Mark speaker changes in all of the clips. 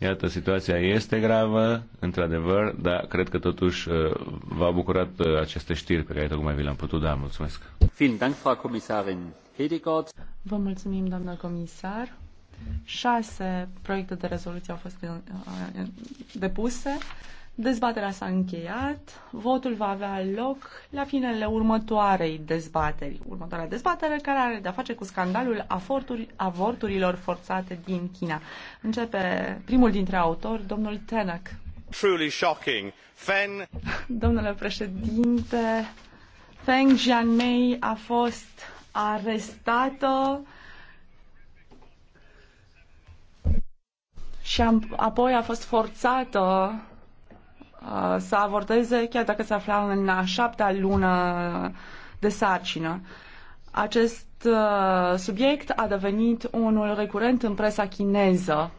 Speaker 1: Iată, situația este gravă, într-adevăr, dar cred că totuși uh, v-a bucurat uh, aceste știri pe care tocmai vi le-am putut da. Mulțumesc!
Speaker 2: Vă mulțumim, doamnă comisar. Șase proiecte de rezoluție au fost uh, depuse. Dezbaterea s-a încheiat. Votul va avea loc la finele următoarei dezbateri. Următoarea dezbatere care are de-a face cu scandalul avorturilor forțate din China. Începe primul dintre autori, domnul Tenak.
Speaker 1: Truly shocking. Fen...
Speaker 2: Domnule președinte, Feng Jianmei a fost arestată și apoi a fost forțată Uh, să avorteze chiar dacă se afla în a șaptea lună de sarcină. Acest uh, subiect a devenit unul recurent în presa chineză.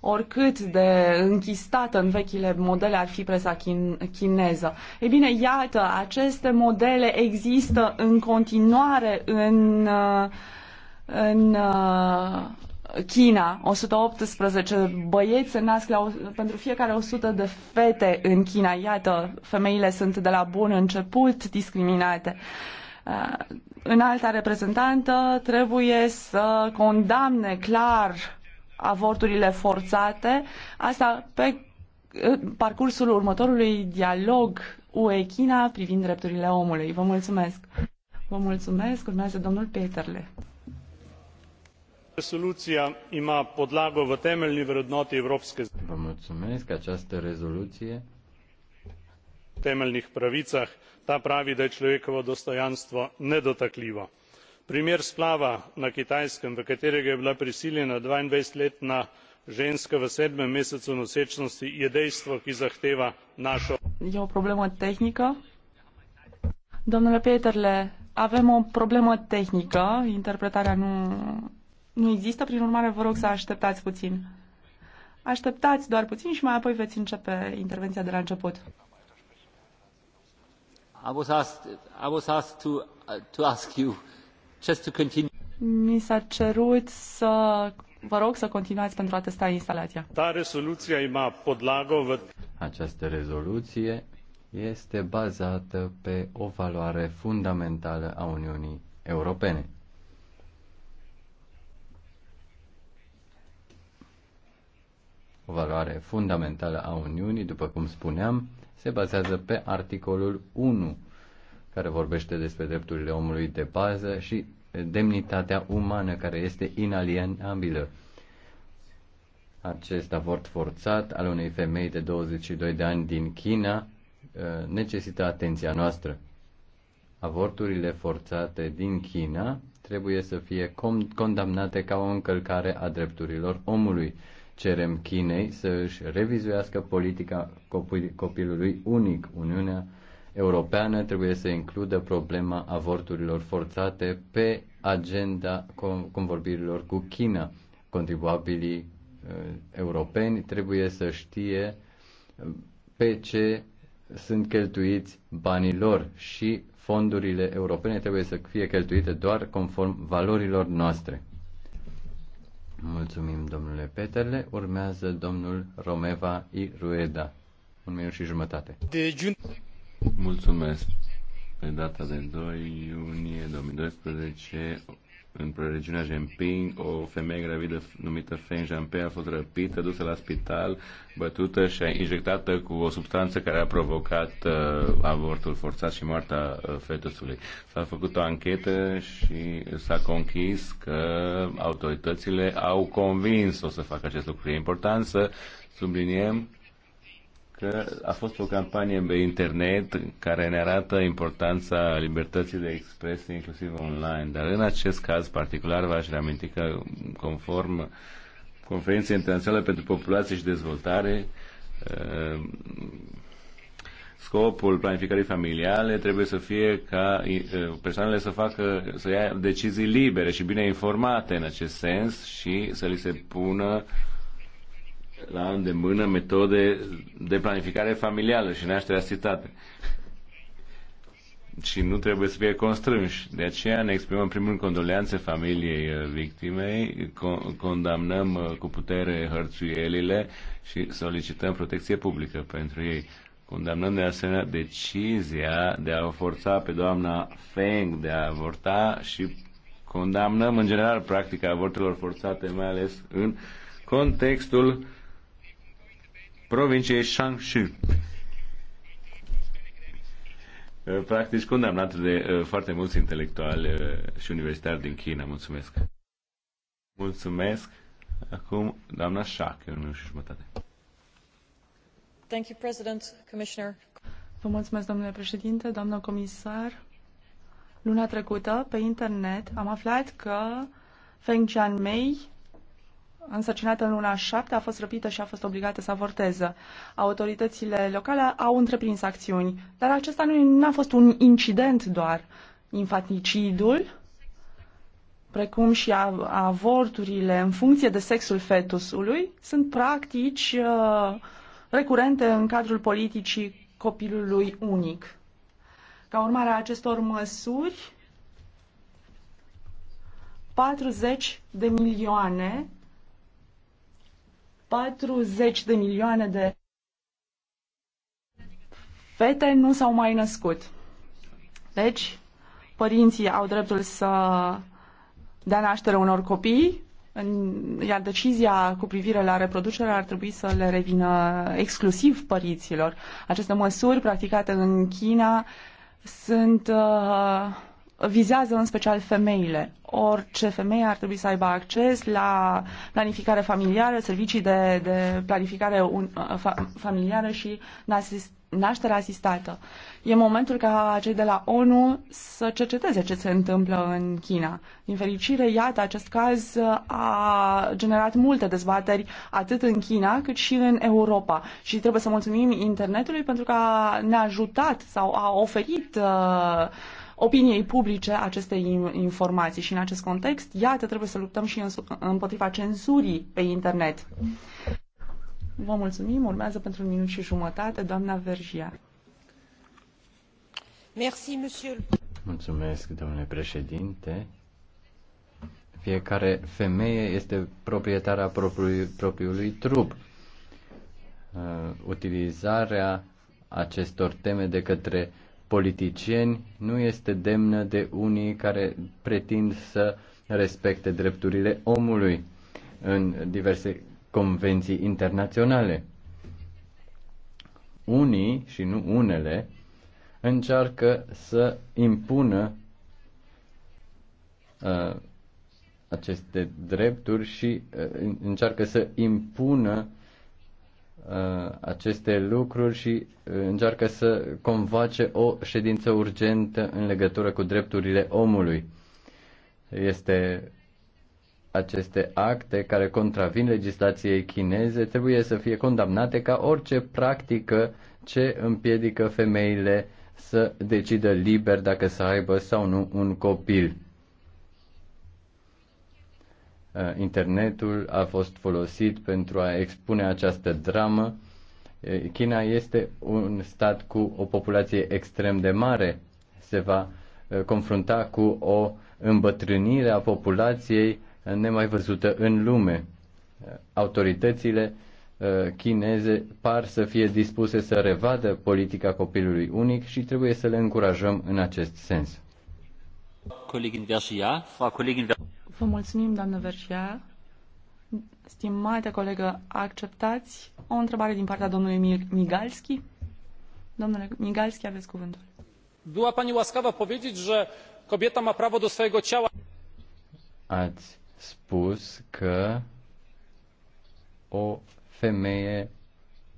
Speaker 2: Oricât de închistată în vechile modele ar fi presa chin- chineză. Ei bine, iată, aceste modele există în continuare în, uh, în China, 118 băieți se nasc la, pentru fiecare 100 de fete în China. Iată, femeile sunt de la bun început discriminate. Uh, în alta reprezentantă trebuie să condamne clar avorturile forțate, asta pe uh, parcursul următorului dialog UE-China privind drepturile omului. Vă mulțumesc! Vă mulțumesc! Urmează domnul Peterle.
Speaker 1: Rezoluția ima podlago v temeljni vrednoti evropske
Speaker 3: Vă mulțumesc, această rezoluție
Speaker 1: temeljnih pravicah ta pravi da je človekovo dostojanstvo nedotakljivo. primer splava na kitajskem v katerega je bila prisiljena dvaindvajset letna ženska v sedmem mesecu nosečnosti je dejstvo ki zahteva našo.
Speaker 2: e o problemă tehnică? domnule peterle avem o problemă tehnică interpretarea nu nu există, prin urmare vă rog să așteptați puțin. Așteptați doar puțin și mai apoi veți începe intervenția de la început.
Speaker 3: I was asked, I was asked to, uh, to ask you just to continue.
Speaker 2: Mi s-a cerut să vă rog să continuați pentru a testa instalația.
Speaker 3: Ta rezoluția ima podlago Această rezoluție este bazată pe o valoare fundamentală a Uniunii Europene o valoare fundamentală a Uniunii, după cum spuneam, se bazează pe articolul 1, care vorbește despre drepturile omului de bază și demnitatea umană, care este inalienabilă. Acest avort forțat al unei femei de 22 de ani din China uh, necesită atenția noastră. Avorturile forțate din China trebuie să fie condamnate ca o încălcare a drepturilor omului Cerem Chinei să își revizuiască politica copilului unic. Uniunea Europeană trebuie să includă problema avorturilor forțate pe agenda convorbirilor cu China. Contribuabilii uh, europeni trebuie să știe uh, pe ce sunt cheltuiți banii lor și fondurile europene trebuie să fie cheltuite doar conform valorilor noastre. Mulțumim, domnule Peterle. Urmează domnul Romeva I. Rueda. Un minut și jumătate. De Mulțumesc. Pe data de 2 iunie 2012,
Speaker 1: în regiunea Jemping, o femeie gravidă numită Feng Jianpei a fost răpită, dusă la spital, bătută și injectată cu o substanță care a provocat uh, avortul forțat și moartea uh, fetusului. S-a făcut o anchetă și s-a conchis că autoritățile au convins-o să facă acest lucru. E important să subliniem că a fost o campanie pe internet care ne arată importanța libertății de expresie, inclusiv online. Dar în acest caz particular v-aș reaminti că, conform Conferinței Internaționale pentru Populație și Dezvoltare, eh, scopul planificării familiale trebuie să fie ca eh, persoanele să facă, să ia decizii libere și bine informate în acest sens și să li se pună la îndemână metode de planificare familială și nașterea citate. Și nu trebuie să fie constrânși. De aceea ne exprimăm în primul condoleanțe familiei uh, victimei, condamnăm uh, cu putere hărțuielile și solicităm protecție publică pentru ei. Condamnăm de asemenea decizia de a forța pe doamna Feng de a avorta și condamnăm în general practica avorturilor forțate, mai ales în contextul provinciei Shangshu. Eh, practic condamnat de eh, foarte mulți intelectuali eh, și universitari din China. Mulțumesc! Mulțumesc! Acum, doamna Shak, eu
Speaker 2: nu știu jumătate. Thank you, President, Commissioner. Vă mulțumesc, domnule președinte, doamnă comisar. Luna trecută, pe internet, am aflat că Feng Jianmei însărcinată în luna 7 a fost răpită și a fost obligată să avorteze. Autoritățile locale au întreprins acțiuni, dar acesta nu a fost un incident doar. Infanticidul, precum și avorturile în funcție de sexul fetusului, sunt practici uh, recurente în cadrul politicii copilului unic. Ca urmare a acestor măsuri, 40 de milioane 40 de milioane de fete nu s-au mai născut. Deci, părinții au dreptul să dea naștere unor copii, iar decizia cu privire la reproducere ar trebui să le revină exclusiv părinților. Aceste măsuri practicate în China sunt uh, vizează în special femeile. Orice femeie ar trebui să aibă acces la planificare familială, servicii de, de planificare un, fa, familială și asist, naștere asistată. E momentul ca cei de la ONU să cerceteze ce se întâmplă în China. Din fericire, iată, acest caz a generat multe dezbateri atât în China cât și în Europa. Și trebuie să mulțumim internetului pentru că ne-a ajutat sau a oferit uh, opiniei publice aceste informații și în acest context, iată, trebuie să luptăm și împotriva cenzurii pe internet. Vă mulțumim, urmează pentru un minut și jumătate doamna Vergia. Merci, monsieur.
Speaker 3: Mulțumesc, domnule președinte. Fiecare femeie este proprietara propriului, propriului trup. Uh, utilizarea acestor teme de către politicieni nu este demnă de unii care pretind să respecte drepturile omului în diverse convenții internaționale. Unii și nu unele încearcă să impună uh, aceste drepturi și uh, încearcă să impună Uh, aceste lucruri și uh, încearcă să convoace o ședință urgentă în legătură cu drepturile omului. Este aceste acte care contravin legislației chineze trebuie să fie condamnate ca orice practică ce împiedică femeile să decidă liber dacă să aibă sau nu un copil. Uh, internetul a fost folosit pentru a expune această dramă. Uh, China este un stat cu o populație extrem de mare. Se va uh, confrunta cu o îmbătrânire a populației nemai văzută în lume. Autoritățile chineze par să fie dispuse să revadă politica copilului unic și trebuie să le încurajăm în acest sens. Colegin Vergia, fra
Speaker 2: Vă mulțumim, doamnă Vergia. Stimate colegă, acceptați o întrebare din partea domnului Migalski? Domnule Migalski, aveți cuvântul. Była pani łaskawa powiedzieć, że kobieta ma prawo do swojego ciała.
Speaker 3: Ați spus că o femeie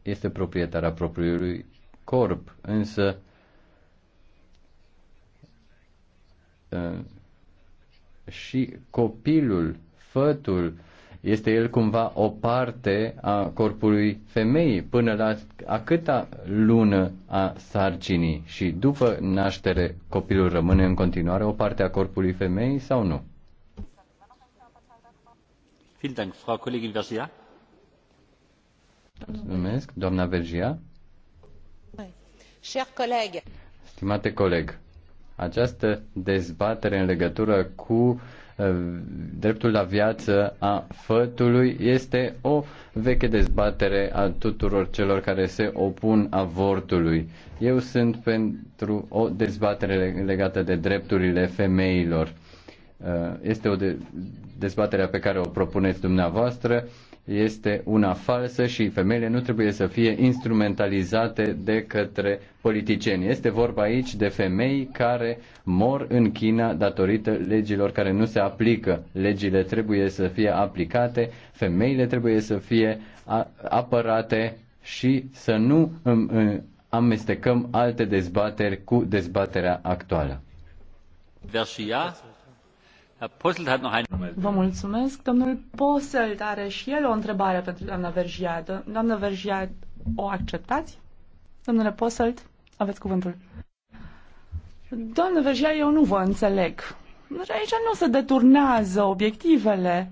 Speaker 3: este proprietara propriului corp, însă și copilul, fătul, este el cumva o parte a corpului femeii până la a câta lună a sarcinii și după naștere copilul rămâne în continuare o parte a corpului femeii sau nu? Mulțumesc, doamna Vergia. Stimate coleg, această dezbatere în legătură cu uh, dreptul la viață a fătului este o veche dezbatere a tuturor celor care se opun avortului. Eu sunt pentru o dezbatere legată de drepturile femeilor. Uh, este o dezbatere pe care o propuneți dumneavoastră este una falsă și femeile nu trebuie să fie instrumentalizate de către politicieni. Este vorba aici de femei care mor în China datorită legilor care nu se aplică. Legile trebuie să fie aplicate, femeile trebuie să fie apărate și să nu amestecăm alte dezbateri cu dezbaterea actuală. Versia
Speaker 2: Vă mulțumesc. Domnul Posselt are și el o întrebare pentru doamna Vergiadă. Doamna Vergiadă, o acceptați? Domnule Posselt, aveți cuvântul. Doamna Vergiadă, eu nu vă înțeleg. Aici nu se deturnează obiectivele.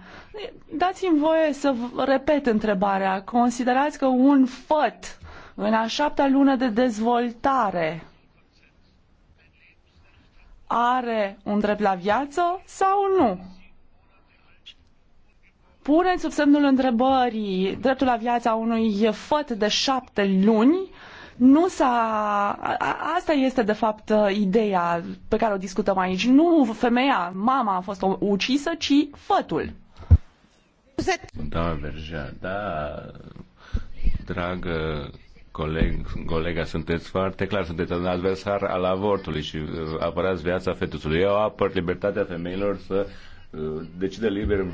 Speaker 2: Dați-mi voie să repet întrebarea. Considerați că un făt în a șaptea lună de dezvoltare are un drept la viață sau nu. Puneți sub semnul întrebării dreptul la viața unui făt de șapte luni. Nu s-a... Asta este, de fapt, ideea pe care o discutăm aici. Nu femeia, mama a fost ucisă, ci fătul.
Speaker 1: Da, Verja, da, dragă coleg, colega, sunteți foarte clar, sunteți un adversar al avortului și uh, apărați viața fetusului. Eu apăr libertatea femeilor să uh, decide liber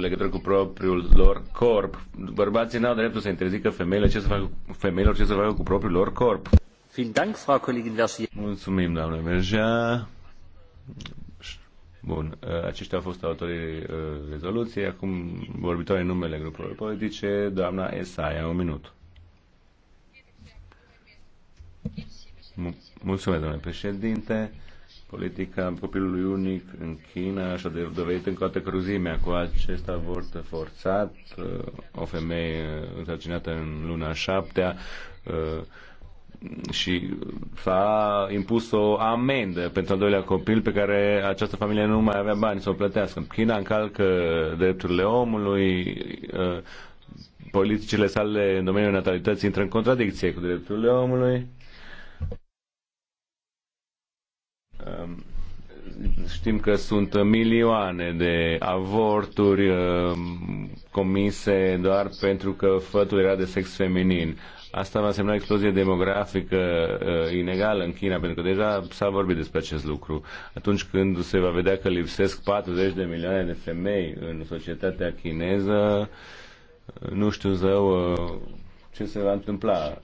Speaker 1: legătură cu propriul lor corp. Bărbații n-au dreptul să interzică femeile ce să facă, femeilor ce să facă cu propriul lor corp. Mulțumim, doamne Mergea. Bun, uh, aceștia au fost autorii rezoluției. Acum vorbitoare numele grupului politice, doamna Esaia, un minut. Mulțumesc, domnule președinte. Politica copilului unic în China și-a dovedit în toată cruzimea cu acest avort forțat, uh, o femeie uh, însărcinată în luna șaptea uh, și s-a impus o amendă pentru al doilea copil pe care această familie nu mai avea bani să o plătească. China încalcă drepturile omului, politicile sale în domeniul natalității intră în contradicție cu drepturile omului Um, știm că sunt milioane de avorturi um, comise doar pentru că fătul era de sex feminin. Asta va însemna explozie demografică uh, inegală în China, pentru că deja s-a vorbit despre acest lucru. Atunci când se va vedea că lipsesc 40 de milioane de femei în societatea chineză, nu știu zău uh, ce se va întâmpla.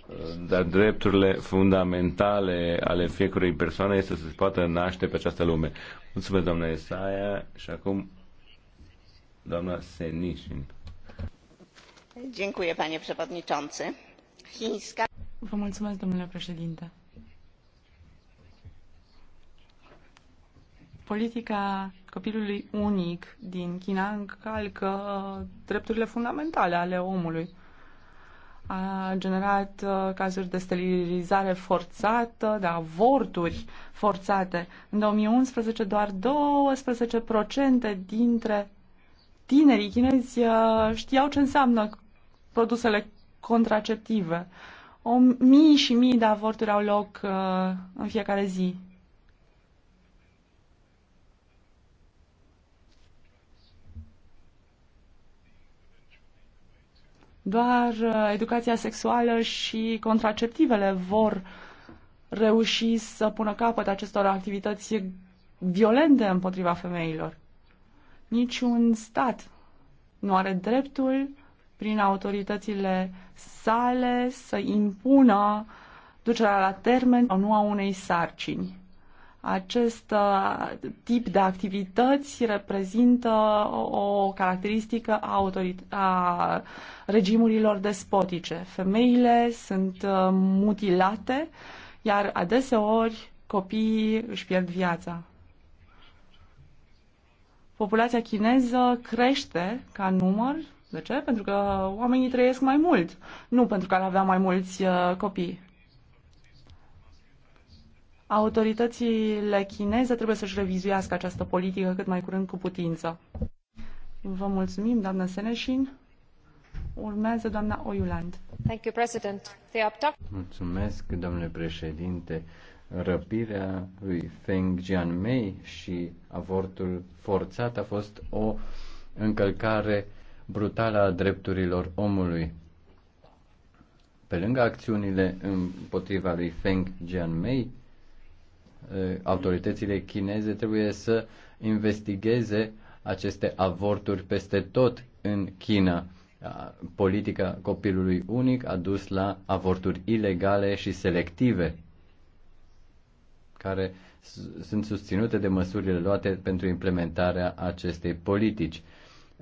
Speaker 1: Dar drepturile fundamentale ale fiecărei persoane este să se poată naște pe această lume. Mulțumesc, doamna Isaia, și acum doamna Senișin.
Speaker 2: Dziękuję, panie przewodniczący. Chińska... Vă mulțumesc, domnule președinte. politica copilului unic din China încalcă drepturile fundamentale ale omului a generat uh, cazuri de sterilizare forțată, de avorturi forțate. În 2011, doar 12% dintre tinerii chinezi uh, știau ce înseamnă produsele contraceptive. O mii și mii de avorturi au loc uh, în fiecare zi. Doar uh, educația sexuală și contraceptivele vor reuși să pună capăt acestor activități violente împotriva femeilor. Niciun stat nu are dreptul prin autoritățile sale să impună ducerea la termen sau nu a unei sarcini. Acest uh, tip de activități reprezintă o caracteristică a, a regimurilor despotice. Femeile sunt uh, mutilate, iar adeseori copiii își pierd viața. Populația chineză crește ca număr. De ce? Pentru că oamenii trăiesc mai mult, nu pentru că ar avea mai mulți uh, copii autoritățile chineze trebuie să-și revizuiască această politică cât mai curând cu putință. Vă mulțumim, doamna Seneșin. Urmează doamna Oiuland. Thank you, President.
Speaker 3: Mulțumesc, domnule președinte. Răpirea lui Feng Jianmei și avortul forțat a fost o încălcare brutală a drepturilor omului. Pe lângă acțiunile împotriva lui Feng Jianmei, Uh, autoritățile chineze trebuie să investigheze aceste avorturi peste tot în China. Uh, politica copilului unic a dus la avorturi ilegale și selective, care sunt susținute de măsurile luate pentru implementarea acestei politici.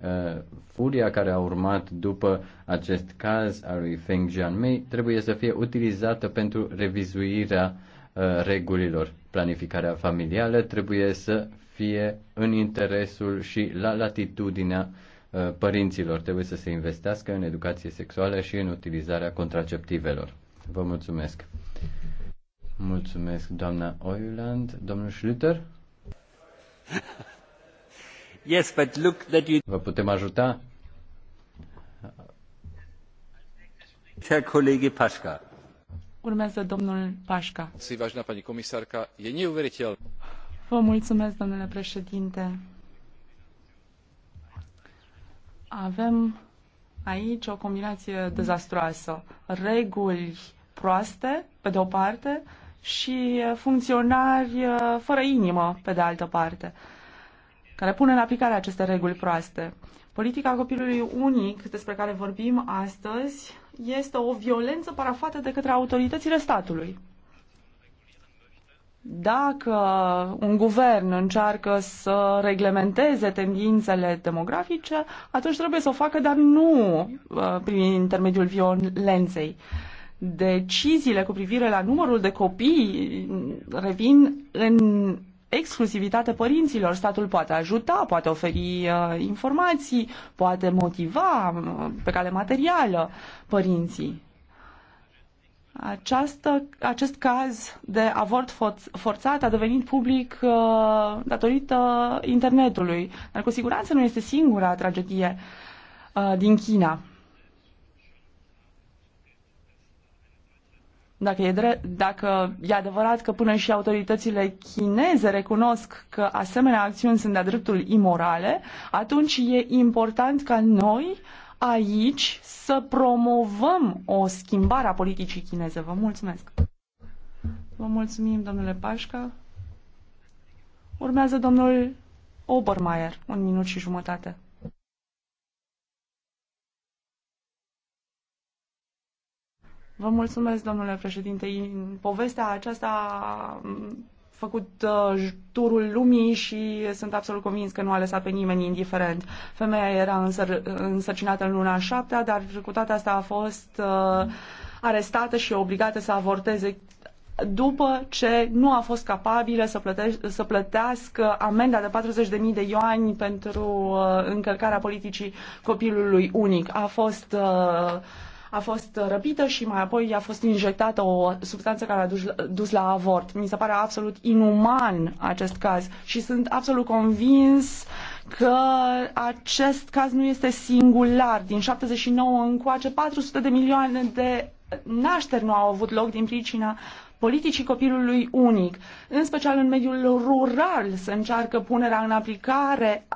Speaker 3: Uh, furia care a urmat după acest caz al lui Feng Jianmei trebuie să fie utilizată pentru revizuirea regulilor Planificarea familială trebuie să fie în interesul și la latitudinea uh, părinților. Trebuie să se investească în educație sexuală și în utilizarea contraceptivelor. Vă mulțumesc. Mulțumesc, doamna Oiland. Domnul Schlüter? Yes, but look that you... Vă putem ajuta? Herr Kollege Paschka.
Speaker 2: Urmează domnul Pașca. Vă mulțumesc, domnule președinte. Avem aici o combinație dezastruoasă. Reguli proaste, pe de o parte, și funcționari uh, fără inimă, pe de altă parte, care pun în aplicare aceste reguli proaste. Politica copilului unic despre care vorbim astăzi este o violență parafată de către autoritățile statului. Dacă un guvern încearcă să reglementeze tendințele demografice, atunci trebuie să o facă, dar nu uh, prin intermediul violenței. Deciziile cu privire la numărul de copii revin în exclusivitate părinților. Statul poate ajuta, poate oferi uh, informații, poate motiva uh, pe cale materială părinții. Această, acest caz de avort forțat a devenit public uh, datorită internetului, dar cu siguranță nu este singura tragedie uh, din China. Dacă e, drept, dacă e adevărat că până și autoritățile chineze recunosc că asemenea acțiuni sunt de-a dreptul imorale, atunci e important ca noi aici să promovăm o schimbare a politicii chineze. Vă mulțumesc! Vă mulțumim, domnule Pașca. Urmează domnul Obermeier, un minut și jumătate. Vă mulțumesc, domnule președinte. Povestea aceasta a făcut uh, turul lumii și sunt absolut convins că nu a lăsat pe nimeni indiferent. Femeia era însăr- însărcinată în luna șaptea, dar cu toate astea a fost uh, arestată și obligată să avorteze după ce nu a fost capabilă să, plătești, să plătească amenda de 40.000 de ioani pentru uh, încălcarea politicii copilului unic. A fost uh, a fost răpită și mai apoi i a fost injectată o substanță care a dus, dus la avort. Mi se pare absolut inuman acest caz și sunt absolut convins că acest caz nu este singular. Din 79 încoace 400 de milioane de nașteri nu au avut loc din pricina politicii copilului unic, în special în mediul rural, să încearcă punerea în aplicare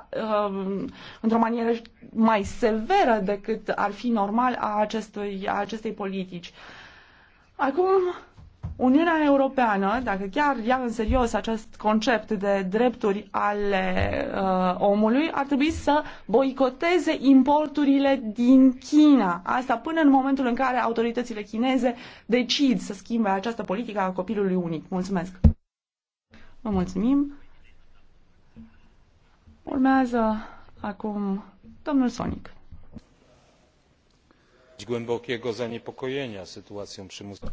Speaker 2: um, într-o manieră mai severă decât ar fi normal a, acestui, a acestei politici. Acum, Uniunea Europeană, dacă chiar ia în serios acest concept de drepturi ale uh, omului, ar trebui să boicoteze importurile din China. Asta până în momentul în care autoritățile chineze decid să schimbe această politică a copilului unic. Mulțumesc! Vă mulțumim! Urmează acum domnul Sonic.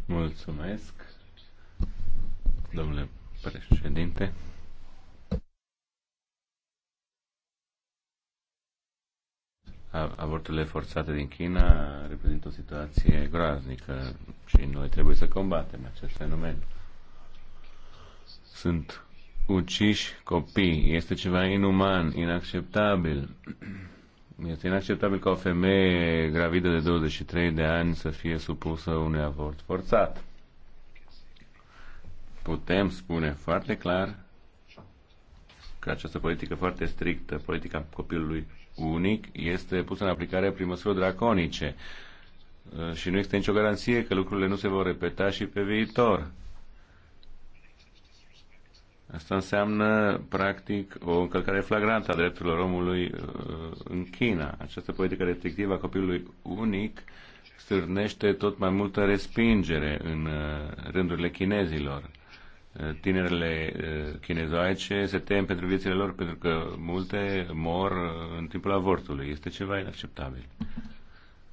Speaker 1: Mulțumesc domnule președinte. Avorturile forțate din China reprezintă o situație groaznică și noi trebuie să combatem acest fenomen. Sunt uciși copii. Este ceva inuman, inacceptabil. Este inacceptabil ca o femeie gravidă de 23 de ani să fie supusă unui avort forțat putem spune foarte clar că această politică foarte strictă, politica copilului unic, este pusă în aplicare prin măsuri draconice uh, și nu există nicio garanție că lucrurile nu se vor repeta și pe viitor. Asta înseamnă, practic, o încălcare flagrantă a drepturilor omului uh, în China. Această politică restrictivă a copilului unic stârnește tot mai multă respingere în uh, rândurile chinezilor tinerele chinezoaice se tem pentru viețile lor, pentru că multe mor în timpul avortului. Este ceva inacceptabil.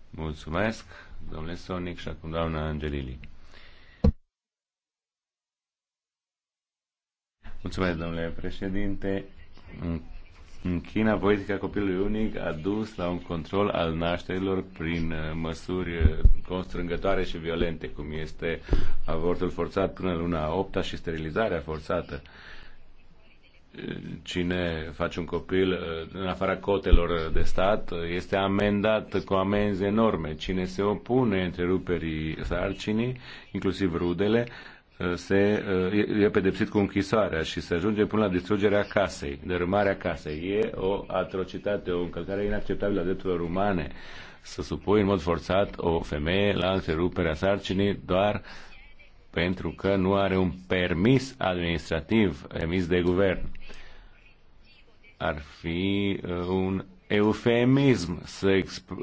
Speaker 1: Mulțumesc, domnule Sonic și acum doamna Angelili. Mulțumesc, domnule președinte. În China, politica copilului unic a dus la un control al nașterilor prin uh, măsuri uh, constrângătoare și violente, cum este avortul forțat până luna 8 și sterilizarea forțată uh, cine face un copil în afara cotelor de stat este amendat cu amenzi enorme. Cine se opune întreruperii sarcinii, inclusiv rudele, se, e, pedepsit cu închisoarea și se ajunge până la distrugerea casei, dărâmarea casei. E o atrocitate, o încălcare inacceptabilă a drepturilor umane să supui în mod forțat o femeie la întreruperea sarcinii doar pentru că nu are un permis administrativ emis de guvern. Ar fi uh, un eufemism să,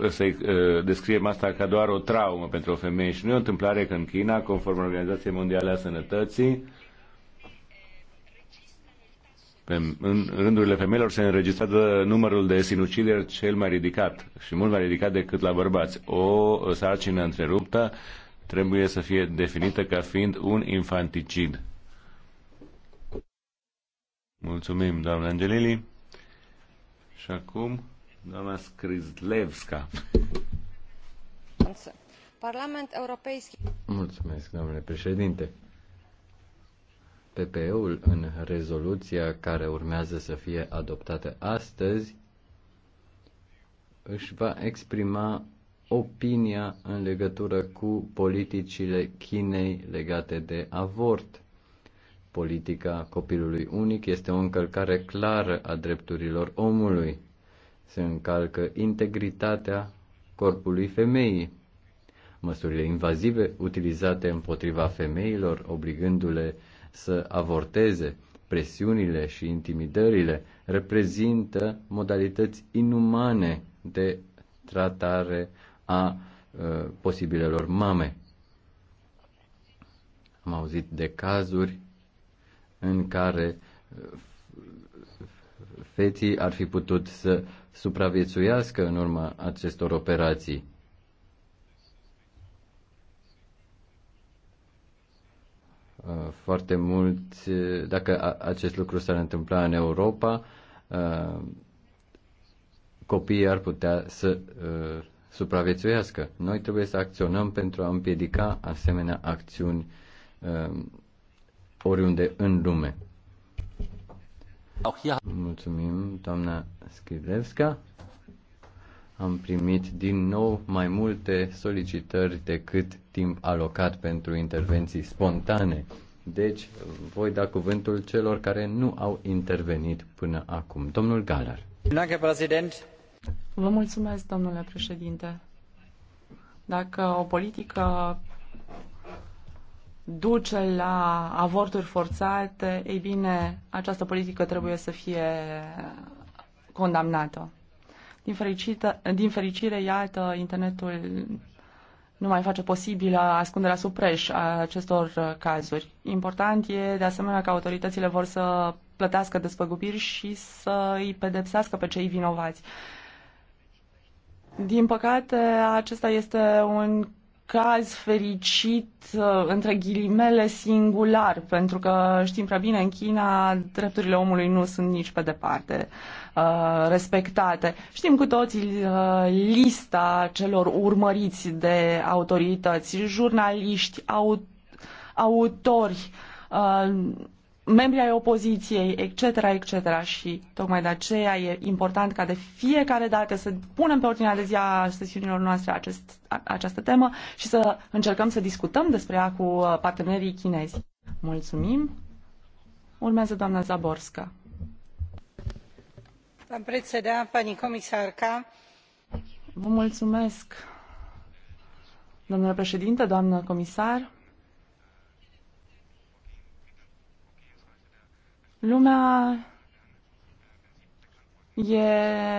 Speaker 1: să ă, descriem asta ca doar o traumă pentru o femeie și nu e o întâmplare că în China, conform Organizației Mondiale a Sănătății, pe, în rândurile femeilor se înregistrează numărul de sinucideri cel mai ridicat și mult mai ridicat decât la bărbați. O sarcină întreruptă trebuie să fie definită ca fiind un infanticid. Mulțumim, doamna Angelili. Și acum Doamna Skrizlevska.
Speaker 3: Parlament Europeiski. Mulțumesc, domnule președinte. PPE-ul în rezoluția care urmează să fie adoptată astăzi își va exprima opinia în legătură cu politicile Chinei legate de avort. Politica copilului unic este o încălcare clară a drepturilor omului se încalcă integritatea corpului femeii. Măsurile invazive utilizate împotriva femeilor, obligându-le să avorteze, presiunile și intimidările reprezintă modalități inumane de tratare a uh, posibilelor mame. Am auzit de cazuri în care ă, feții ar fi putut să supraviețuiască în urma acestor operații. Uh, foarte mulți, dacă acest lucru s-ar întâmpla în Europa, uh, copiii ar putea să uh, supraviețuiască. Noi trebuie să acționăm pentru a împiedica asemenea acțiuni oriunde în lume. Mulțumim, doamna Skidevska. Am primit din nou mai multe solicitări decât timp alocat pentru intervenții spontane. Deci, voi da cuvântul celor care nu au intervenit până acum. Domnul Galar.
Speaker 2: Vă mulțumesc, domnule președinte. Dacă o politică duce la avorturi forțate, ei bine, această politică trebuie să fie condamnată. Din, fericită, din fericire, iată, internetul nu mai face posibilă ascunderea sub preș a acestor cazuri. Important e, de asemenea, că autoritățile vor să plătească despăgubiri și să îi pedepsească pe cei vinovați. Din păcate, acesta este un caz fericit, uh, între ghilimele, singular, pentru că știm prea bine, în China drepturile omului nu sunt nici pe departe uh, respectate. Știm cu toții uh, lista celor urmăriți de autorități, jurnaliști, au, autori, membri ai opoziției, etc., etc. Și tocmai de aceea e important ca de fiecare dată să punem pe ordinea de zi a sesiunilor noastre acest, a, această temă și să încercăm să discutăm despre ea cu uh, partenerii chinezi. Mulțumim. Urmează doamna Zaborska. Am prețedea, pani comisarca. Vă mulțumesc, domnule președinte, doamnă comisar. Lumea e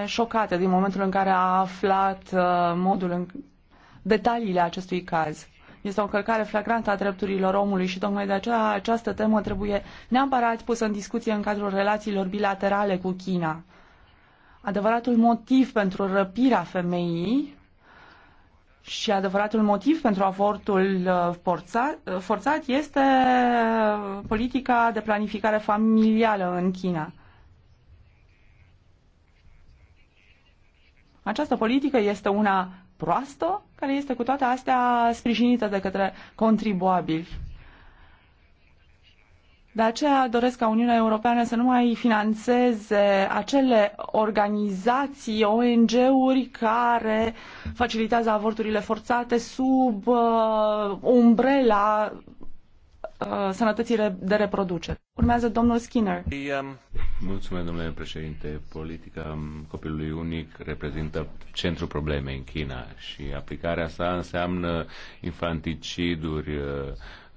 Speaker 2: șocată din momentul în care a aflat uh, modul în detaliile acestui caz. Este o încălcare flagrantă a drepturilor omului și tocmai de aceea această temă trebuie neapărat pusă în discuție în cadrul relațiilor bilaterale cu China. Adevăratul motiv pentru răpirea femeii și adevăratul motiv pentru avortul uh, forțat, uh, forțat este uh, politica de planificare familială în China. Această politică este una proastă, care este cu toate astea sprijinită de către contribuabili. De aceea doresc ca Uniunea Europeană să nu mai financeze acele organizații, ONG-uri care facilitează avorturile forțate sub uh, umbrela uh, sănătății de reproducere. Urmează domnul Skinner.
Speaker 1: Mulțumesc, domnule președinte. Politica copilului unic reprezintă centrul problemei în China și aplicarea sa înseamnă infanticiduri, uh,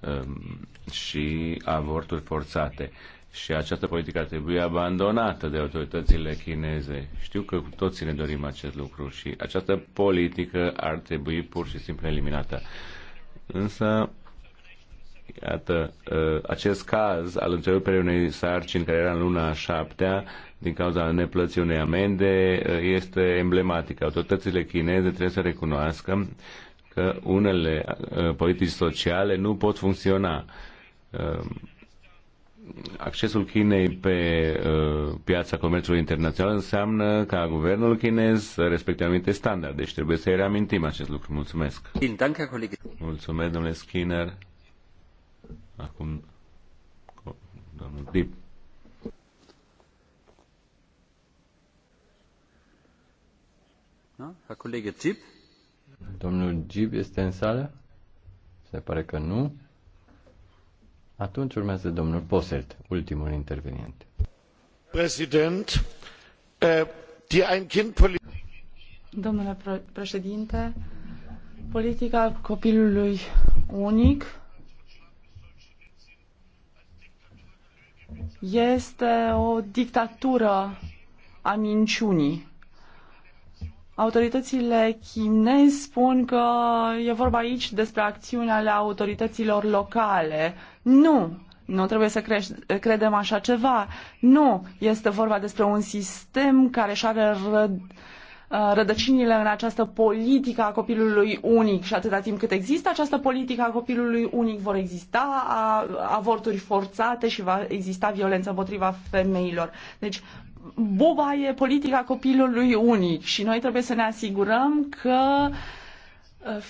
Speaker 1: Um, și avorturi forțate. Și această politică ar trebui abandonată de autoritățile chineze. Știu că cu toții ne dorim acest lucru și această politică ar trebui pur și simplu eliminată. Însă, iată, uh, acest caz al întreruperii unei sarcini care era în luna a șaptea, din cauza neplății unei amende, uh, este emblematic. Autoritățile chineze trebuie să recunoască că unele uh, politici sociale nu pot funcționa. Um, accesul Chinei pe uh, piața comerțului internațional înseamnă ca guvernul chinez să respecte anumite standarde, deci trebuie să-i reamintim acest lucru. Mulțumesc! Mulțumesc, domnule Skinner! Acum,
Speaker 3: domnul Dip. Da? Herr Kollege Zipp. Domnul Gib este în sală? Se pare că nu. Atunci urmează domnul Poselt, ultimul intervenient. President, eh, die
Speaker 2: Domnule președinte, politica copilului unic este o dictatură a minciunii Autoritățile chinezi spun că e vorba aici despre acțiuni ale autorităților locale. Nu, nu trebuie să creș- credem așa ceva. Nu, este vorba despre un sistem care își are ră- uh, rădăcinile în această politică a copilului unic și atâta timp cât există această politică a copilului unic vor exista avorturi forțate și va exista violență împotriva femeilor. Deci boba e politica copilului unic și noi trebuie să ne asigurăm că uh,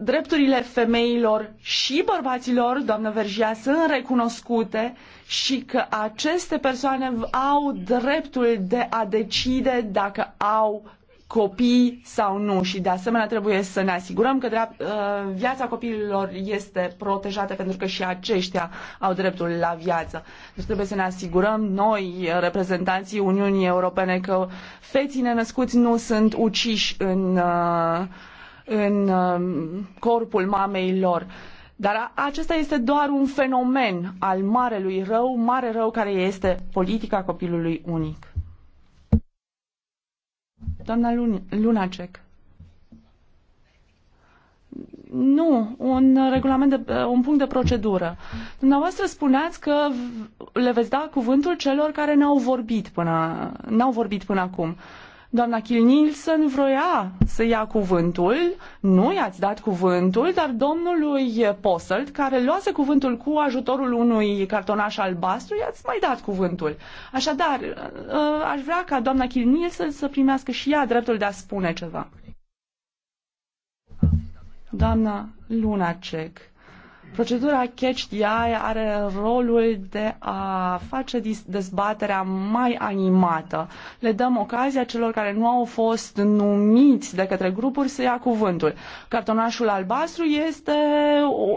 Speaker 2: drepturile femeilor și bărbaților, doamnă Vergia, sunt recunoscute și că aceste persoane au dreptul de a decide dacă au copii sau nu și de asemenea trebuie să ne asigurăm că drept, uh, viața copiilor este protejată pentru că și aceștia au dreptul la viață. Deci trebuie să ne asigurăm noi, reprezentanții Uniunii Europene, că feții nenăscuți nu sunt uciși în, uh, în um, corpul mamei lor. Dar acesta este doar un fenomen al marelui rău, mare rău care este politica copilului unic. Doamna Lun Lunacek. Nu, un regulament de, un punct de procedură. Dumneavoastră spuneați că le veți da cuvântul celor care n-au vorbit până, n-au vorbit până acum. Uh, Doamna Kill Nielsen vroia să ia cuvântul, nu i-ați dat cuvântul, dar domnului Posselt, care luase cuvântul cu ajutorul unui cartonaș albastru, i-ați mai dat cuvântul. Așadar, uh, aș vrea ca doamna Kill Nielsen să primească și ea dreptul de a spune ceva. Doamna Lunacek Procedura Catch the Eye are rolul de a face dezbaterea mai animată. Le dăm ocazia celor care nu au fost numiți de către grupuri să ia cuvântul. Cartonașul albastru este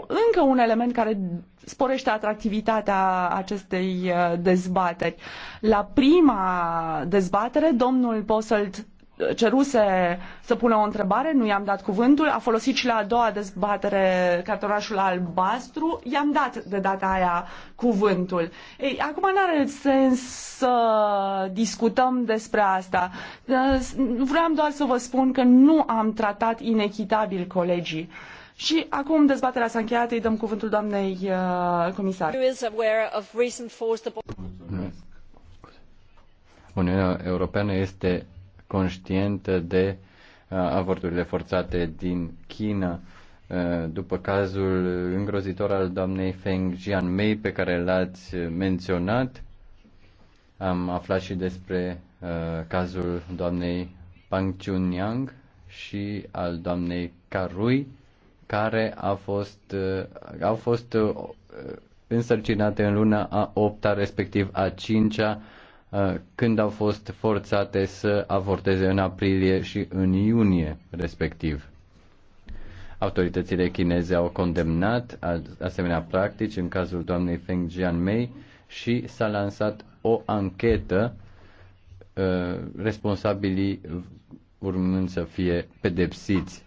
Speaker 2: încă un element care sporește atractivitatea acestei uh, dezbateri. La prima dezbatere, domnul Posselt ceruse să pună o întrebare, nu i-am dat cuvântul, a folosit și la a doua dezbatere cartonașul albastru, i-am dat de data aia cuvântul. Ei, acum nu are sens să discutăm despre asta. Vreau doar să vă spun că nu am tratat inechitabil colegii. Și acum dezbaterea s-a încheiat, îi dăm cuvântul doamnei uh, comisar.
Speaker 3: Uniunea Europeană este conștientă de uh, avorturile forțate din China, uh, după cazul îngrozitor al doamnei Feng Jianmei pe care l-ați menționat, am aflat și despre uh, cazul doamnei Pang Chunyang și al doamnei Carui, care a fost, uh, au fost uh, însărcinate în luna a 8-a, respectiv a 5-a, Uh, când au fost forțate să avorteze în aprilie și în iunie respectiv. Autoritățile chineze au condemnat asemenea practici în cazul doamnei Feng Jianmei și s-a lansat o anchetă uh, responsabilii urmând să fie pedepsiți.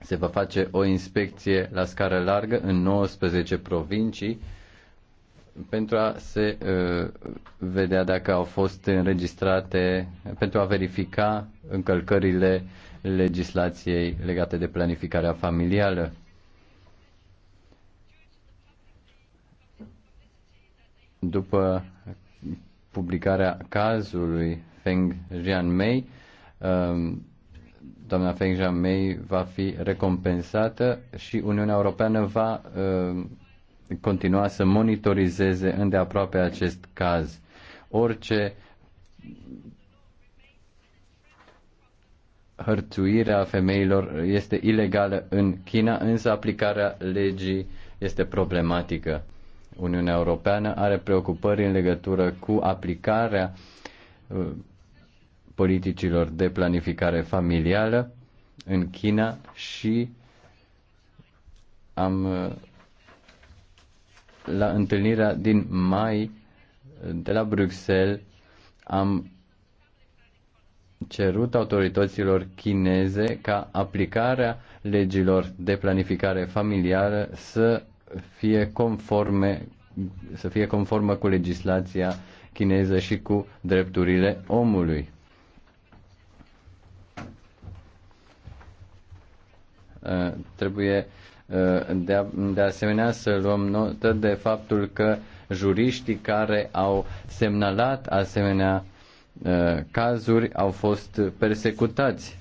Speaker 3: Se va face o inspecție la scară largă în 19 provincii pentru a se uh, vedea dacă au fost înregistrate, pentru a verifica încălcările legislației legate de planificarea familială. După publicarea cazului Feng Jianmei, Mei, um, doamna Feng Jianmei va fi recompensată și Uniunea Europeană va uh, continua să monitorizeze îndeaproape acest caz. Orice a femeilor este ilegală în China, însă aplicarea legii este problematică. Uniunea Europeană are preocupări în legătură cu aplicarea uh, politicilor de planificare familială în China și am uh, la întâlnirea din mai de la Bruxelles am cerut autorităților chineze ca aplicarea legilor de planificare familială să fie conforme să fie conformă cu legislația chineză și cu drepturile omului. Uh, trebuie Uh, de, de asemenea, să luăm notă de faptul că juriștii care au semnalat asemenea uh, cazuri au fost persecutați.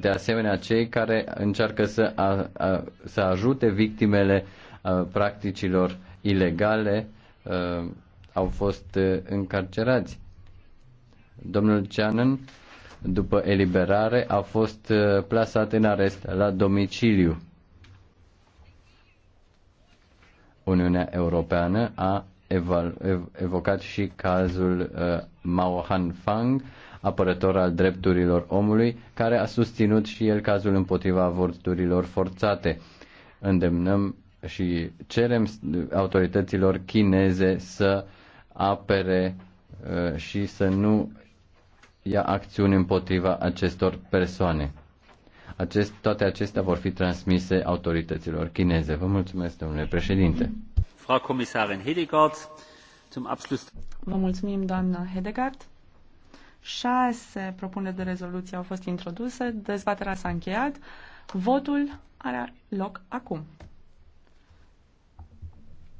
Speaker 3: De asemenea, cei care încearcă să, a, a, să ajute victimele a, uh, practicilor ilegale a, au fost încarcerați. Domnul Cianen, după eliberare, a fost plasat în arest la domiciliu Uniunea Europeană a evocat și cazul uh, Mao Han Fang, apărător al drepturilor omului, care a susținut și el cazul împotriva avorturilor forțate. Îndemnăm și cerem autorităților chineze să apere uh, și să nu ia acțiuni împotriva acestor persoane. Acest, toate acestea vor fi transmise autorităților chineze. Vă mulțumesc, domnule președinte. Frau Kommissarin Hedegaard, zum Abschluss.
Speaker 2: Vă mulțumim, doamna Hedegaard. Șase propuneri de rezoluție au fost introduse. Dezbaterea s-a încheiat. Votul are loc acum.